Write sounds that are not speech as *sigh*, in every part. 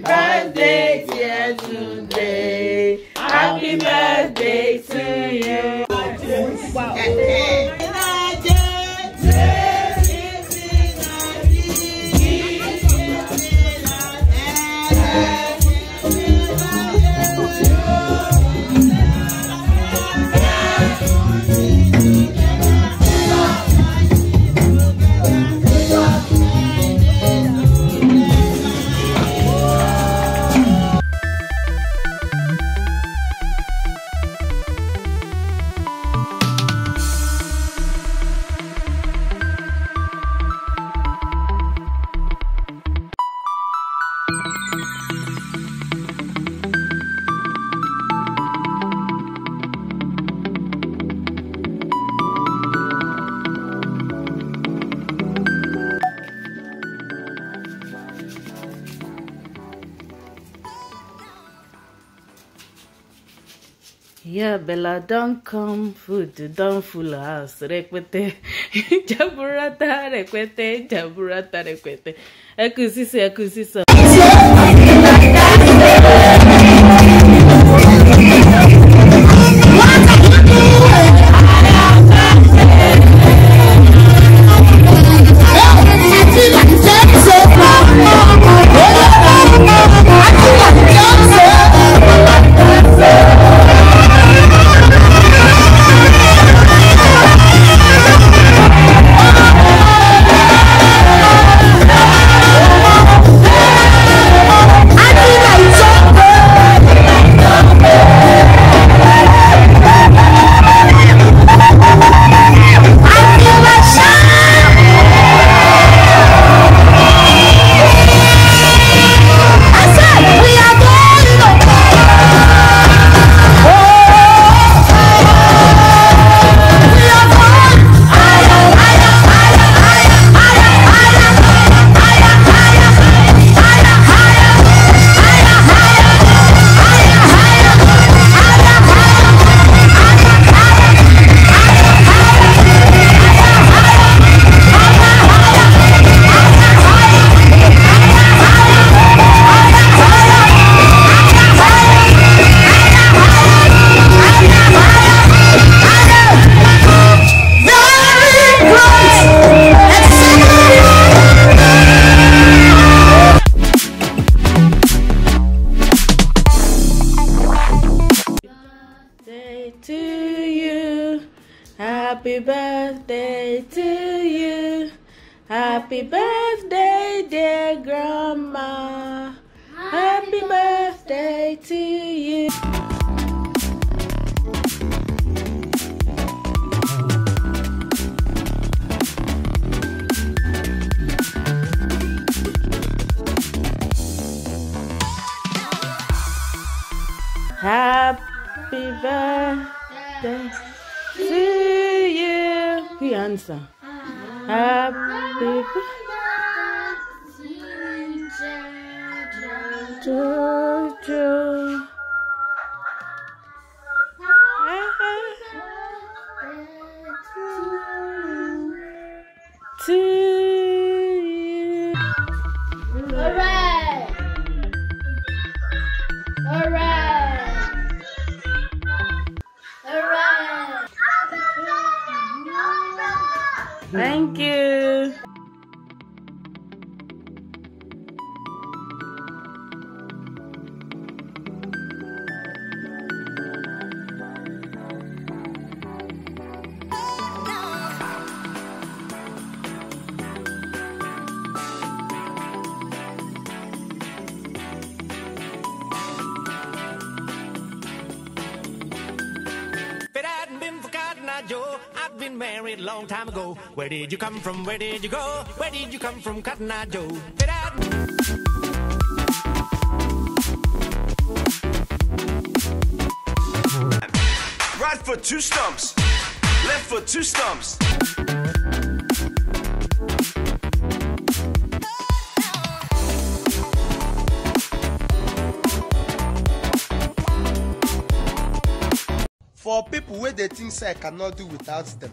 birthday, dear today. Happy birthday. Bella don come, food don full house rẹpẹtẹ, jaburata rẹpẹtẹ, jaburata rẹpẹtẹ. Ẹ kú sísè, ẹ kú Happy birthday to you. Happy birthday, dear grandma. Happy birthday to you. Happy birthday to you answer. Ah. Happy birthday to you. Thank you. Where did you come from? Where did you go? Where did you come from, Cotton Eye Joe? Right foot, two stumps. Left foot, two stumps. For people where they think I cannot do without them,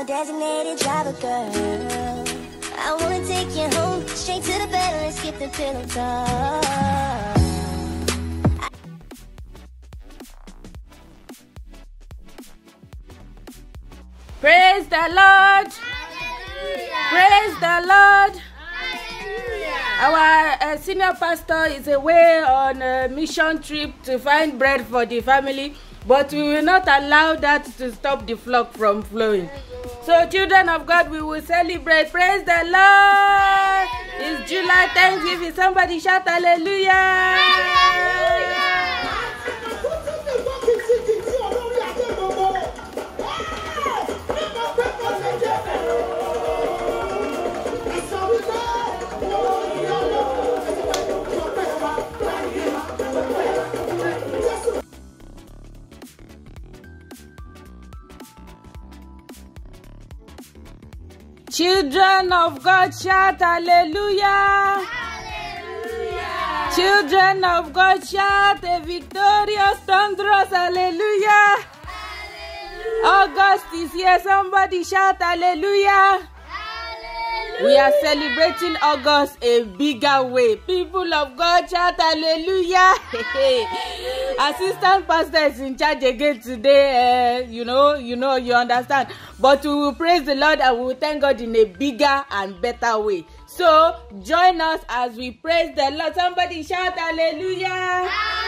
your designated driver, girl. I wanna take you home, straight to the bed and skip the pillow talk. Praise the Lord. Hallelujah. Praise the Lord. Hallelujah. Our uh, senior pastor is away on a mission trip to find bread for the family, but we will not allow that to stop the flock from flowing. So, children of God, we will celebrate. Praise the Lord! Hallelujah. It's July Thanksgiving. Somebody shout hallelujah! hallelujah. Children of God, shout hallelujah. hallelujah. Children of God, shout a victorious, thunderous hallelujah. hallelujah. August is here, somebody shout hallelujah. We are celebrating August a bigger way. People of God, shout hallelujah. *laughs* Assistant pastor is in charge again today. Uh, you know, you know, you understand. But we will praise the Lord and we will thank God in a bigger and better way. So join us as we praise the Lord. Somebody shout hallelujah. hallelujah.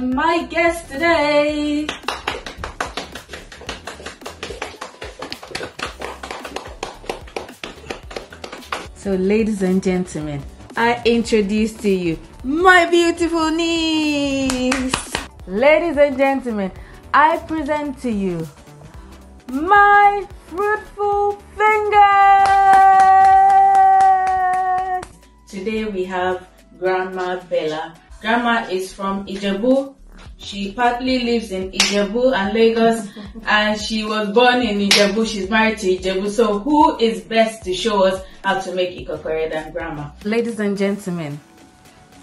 my guest today. So, ladies and gentlemen, I introduce to you my beautiful niece. Ladies and gentlemen, I present to you my fruitful fingers. Today we have Grandma Bella. Grandma is from Ijebu she partly lives in Ijebu and Lagos, and she was born in Ijebu. She's married to Ijebu. So who is best to show us how to make ikokore and grammar? Ladies and gentlemen,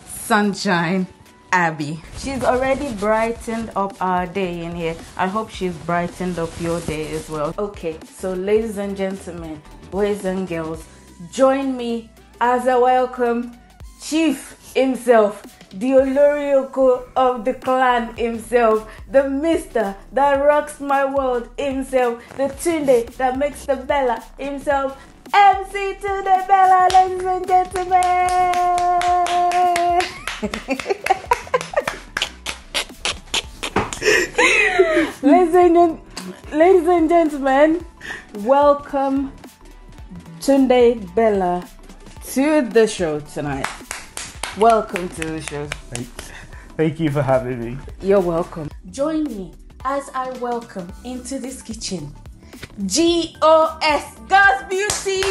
sunshine. Abby. She's already brightened up our day in here. I hope she's brightened up your day as well. Okay, so ladies and gentlemen, boys and girls, join me as I welcome Chief himself, the Olorioko of the clan himself, the mister that rocks my world himself, the Tunde that makes the Bella himself, MC Tunde Bella, ladies and gentlemen. *laughs* ladies, and, ladies and gentlemen, welcome Tunde Bella to the show tonight. Welcome to the show. Thank you for having me. You're welcome. Join me as I welcome into this kitchen GOS, God's Beauty.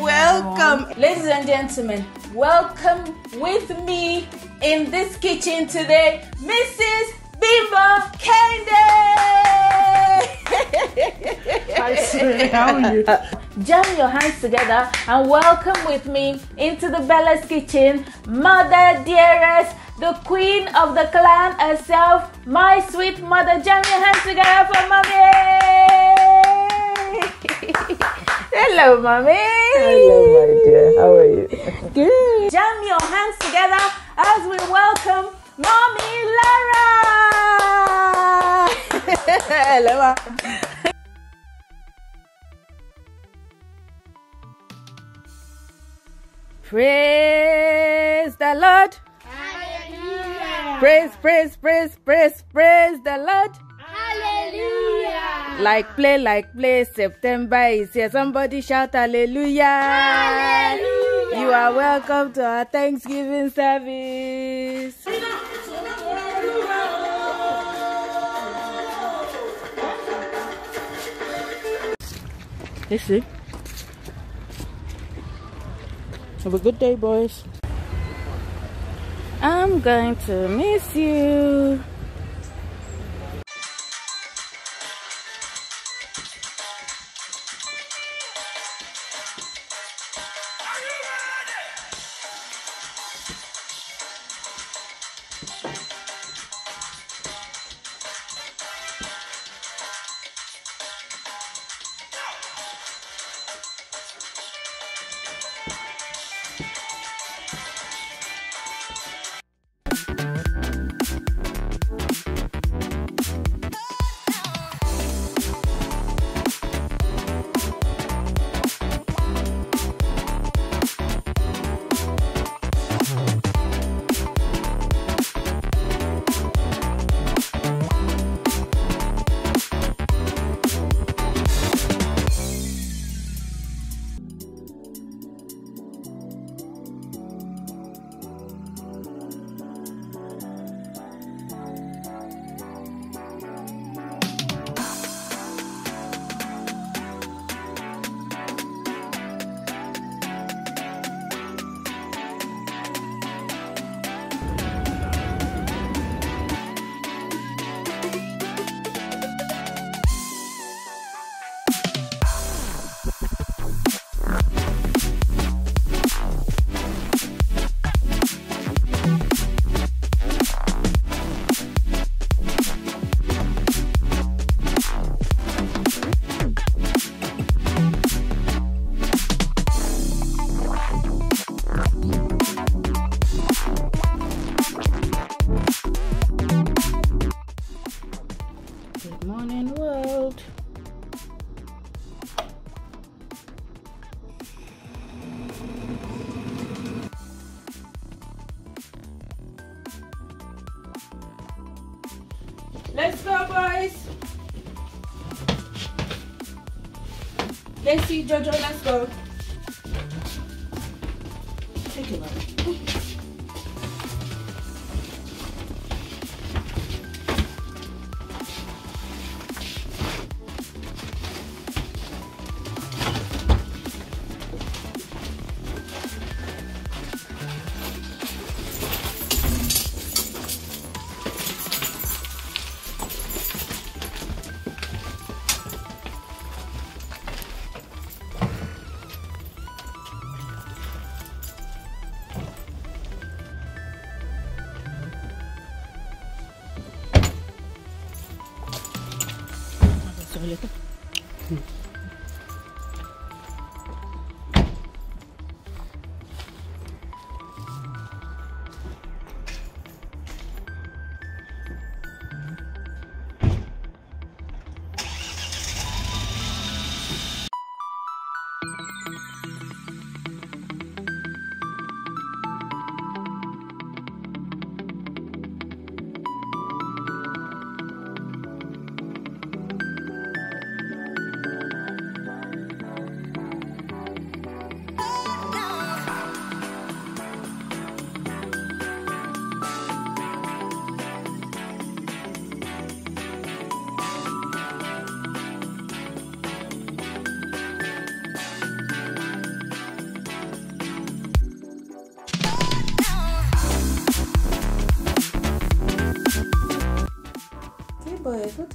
welcome, ladies and gentlemen. Welcome with me in this kitchen today, Mrs. Bimbo Candy. Jam your hands together and welcome with me into the Bella's kitchen, Mother Dearest, the queen of the clan herself, my sweet mother. Jam your hands together for mommy. Hello, mommy. Hello, my dear. How are you? Good. Jam your hands together as we welcome mommy Lara. *laughs* Hello, mom. Praise the Lord. Hallelujah. Praise, praise, praise, praise, praise the Lord. Hallelujah. Like play, like play. September is here. Somebody shout hallelujah. Hallelujah. You are welcome to our Thanksgiving service. Listen. Have a good day, boys. I'm going to miss you. Let's see, Jojo, let's go.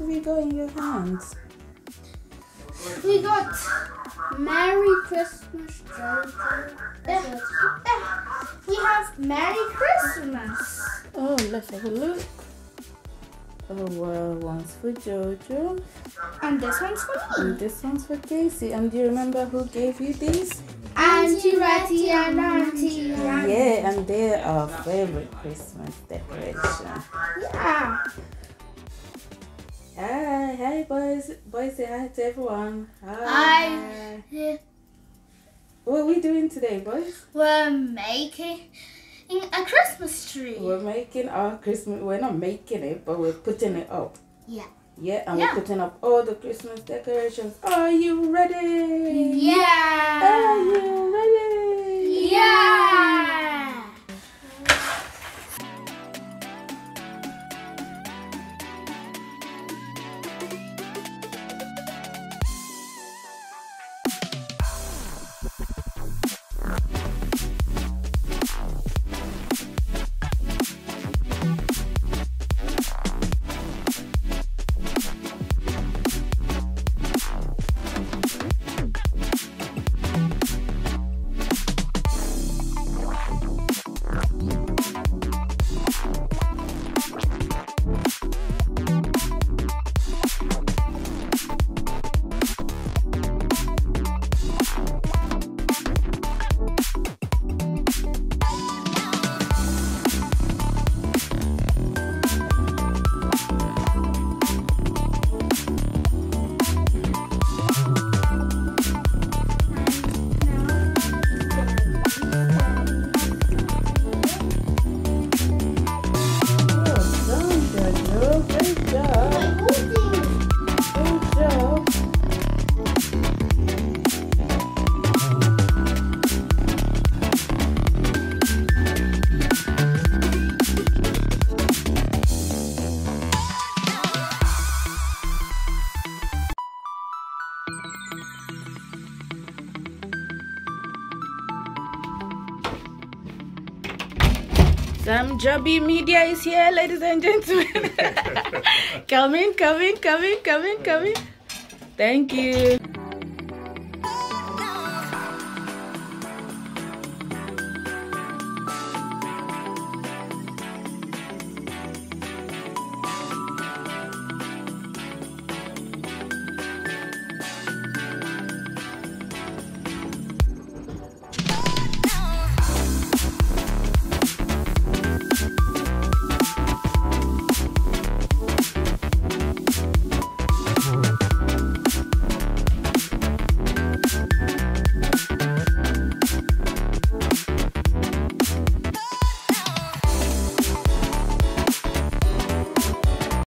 do we got in your hands? We got Merry Christmas, Jojo. we have Merry Christmas. Oh, let's have a look. Oh, well, one's for Jojo. And this one's for me. And this one's for Casey. And do you remember who gave you these? Auntie Ratty and Auntie Auntie. Yeah, and they are our favorite Christmas decoration. Yeah. Hi, hey boys, boys say hi to everyone. Hi. hi. What are we doing today, boys? We're making a Christmas tree. We're making our Christmas. We're not making it, but we're putting it up. Yeah. Yeah, and yeah. we're putting up all the Christmas decorations. Are you ready? Yeah. Are you ready? Yeah. B Media is here, ladies and gentlemen. *laughs* *laughs* come in, come in, come in, come in, come in. Thank you.